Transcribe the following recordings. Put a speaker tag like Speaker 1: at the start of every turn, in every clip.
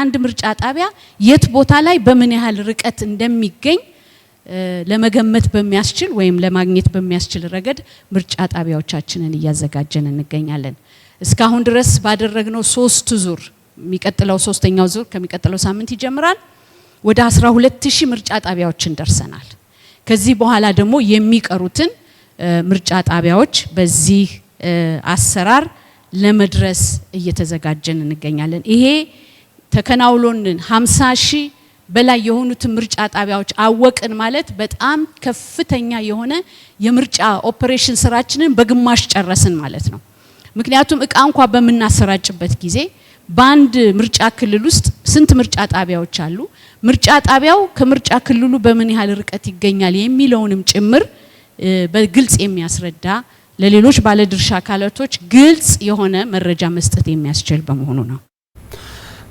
Speaker 1: አንድ ምርጫ ጣቢያ የት ቦታ ላይ በምን ያህል ርቀት እንደሚገኝ ለመገመት በሚያስችል ወይም ለማግኘት በሚያስችል ረገድ ምርጫ ጣቢያዎቻችንን እያዘጋጀን እንገኛለን። እስካሁን ድረስ ባደረግነው ሶስት ዙር የሚቀጥለው ሶስተኛው ዙር ከሚቀጥለው ሳምንት ይጀምራል። ወደ 12 ሺህ ምርጫ ጣቢያዎችን ደርሰናል። ከዚህ በኋላ ደግሞ የሚቀሩትን ምርጫ ጣቢያዎች በዚህ አሰራር ለመድረስ እየተዘጋጀን እንገኛለን። ይሄ ተከናውሎንን 50 ሺህ በላይ የሆኑትን ምርጫ ጣቢያዎች አወቅን ማለት በጣም ከፍተኛ የሆነ የምርጫ ኦፕሬሽን ስራችንን በግማሽ ጨረስን ማለት ነው። ምክንያቱም እቃ እንኳ በምናሰራጭበት ጊዜ በአንድ ምርጫ ክልል ውስጥ ስንት ምርጫ ጣቢያዎች አሉ፣ ምርጫ ጣቢያው ከምርጫ ክልሉ በምን ያህል ርቀት ይገኛል የሚለውንም ጭምር በግልጽ የሚያስረዳ ለሌሎች ባለድርሻ አካላቶች ግልጽ የሆነ መረጃ መስጠት የሚያስችል በመሆኑ ነው።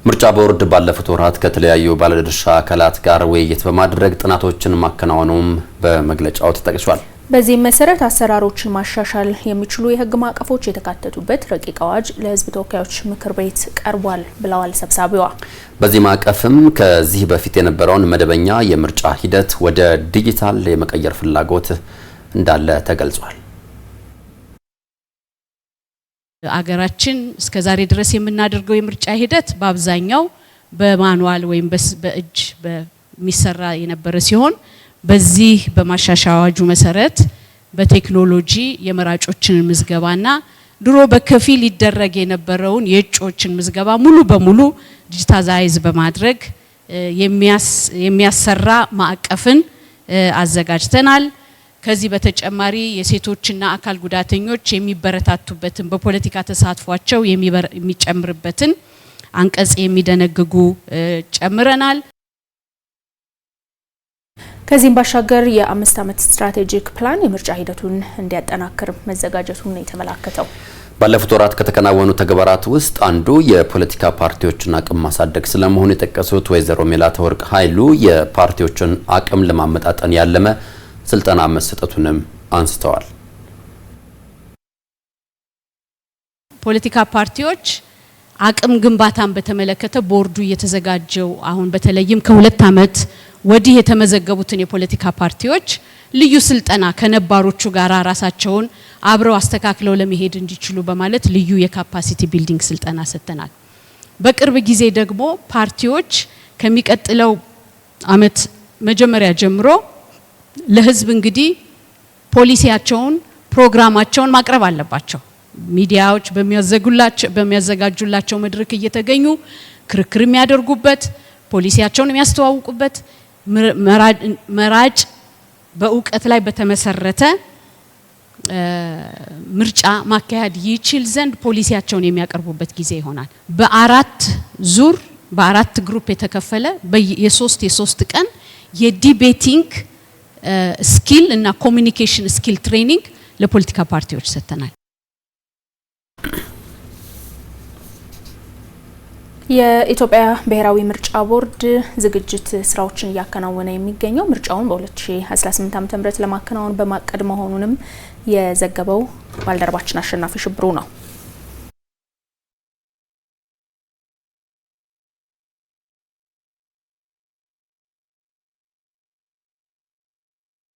Speaker 2: ምርጫ ቦርድ ባለፉት ወራት ከተለያዩ ባለድርሻ አካላት ጋር ውይይት በማድረግ ጥናቶችን ማከናወኑም በመግለጫው ተጠቅሷል።
Speaker 1: በዚህም መሰረት አሰራሮችን ማሻሻል የሚችሉ የህግ ማዕቀፎች የተካተቱበት ረቂቅ አዋጅ ለህዝብ ተወካዮች ምክር ቤት ቀርቧል ብለዋል ሰብሳቢዋ።
Speaker 2: በዚህ ማዕቀፍም ከዚህ በፊት የነበረውን መደበኛ የምርጫ ሂደት ወደ ዲጂታል የመቀየር ፍላጎት እንዳለ ተገልጿል።
Speaker 1: አገራችን እስከ ዛሬ ድረስ የምናደርገው የምርጫ ሂደት በአብዛኛው በማንዋል ወይም በእጅ በሚሰራ የነበረ ሲሆን በዚህ በማሻሻያ አዋጁ መሰረት በቴክኖሎጂ የመራጮችን ምዝገባና ድሮ በከፊል ይደረግ የነበረውን የእጩዎችን ምዝገባ ሙሉ በሙሉ ዲጂታላይዝ በማድረግ የሚያሰራ ማዕቀፍን አዘጋጅተናል። ከዚህ በተጨማሪ የሴቶችና አካል ጉዳተኞች የሚበረታቱበትን በፖለቲካ ተሳትፏቸው የሚጨምርበትን አንቀጽ የሚደነግጉ ጨምረናል። ከዚህም ባሻገር የአምስት ዓመት ስትራቴጂክ ፕላን የምርጫ ሂደቱን እንዲያጠናክር መዘጋጀቱን ነው የተመላከተው።
Speaker 2: ባለፉት ወራት ከተከናወኑ ተግባራት ውስጥ አንዱ የፖለቲካ ፓርቲዎችን አቅም ማሳደግ ስለመሆኑ የጠቀሱት ወይዘሮ ሜላተወርቅ ኃይሉ የፓርቲዎችን አቅም ለማመጣጠን ያለመ ስልጠና መሰጠቱንም አንስተዋል።
Speaker 1: ፖለቲካ ፓርቲዎች አቅም ግንባታን በተመለከተ ቦርዱ እየተዘጋጀው አሁን በተለይም ከሁለት ዓመት ወዲህ የተመዘገቡትን የፖለቲካ ፓርቲዎች ልዩ ስልጠና ከነባሮቹ ጋር ራሳቸውን አብረው አስተካክለው ለመሄድ እንዲችሉ በማለት ልዩ የካፓሲቲ ቢልዲንግ ስልጠና ሰጥተናል። በቅርብ ጊዜ ደግሞ ፓርቲዎች ከሚቀጥለው ዓመት መጀመሪያ ጀምሮ ለህዝብ እንግዲህ ፖሊሲያቸውን ፕሮግራማቸውን ማቅረብ አለባቸው። ሚዲያዎች በሚያዘጋጁላቸው መድረክ እየተገኙ ክርክር የሚያደርጉበት ፖሊሲያቸውን የሚያስተዋውቁበት መራጭ በእውቀት ላይ በተመሰረተ ምርጫ ማካሄድ ይችል ዘንድ ፖሊሲያቸውን የሚያቀርቡበት ጊዜ ይሆናል። በአራት ዙር በአራት ግሩፕ የተከፈለ የሶስት የሶስት ቀን የዲቤቲንግ ስኪል uh, እና ኮሚኒኬሽን ስኪል ትሬኒንግ ለፖለቲካ ፓርቲዎች ሰጥተናል። የኢትዮጵያ ብሔራዊ ምርጫ ቦርድ ዝግጅት ስራዎችን እያከናወነ የሚገኘው ምርጫውን በ2018 ዓ.ም ለማከናወን በማቀድ መሆኑንም የዘገበው ባልደረባችን አሸናፊ ሽብሩ ነው።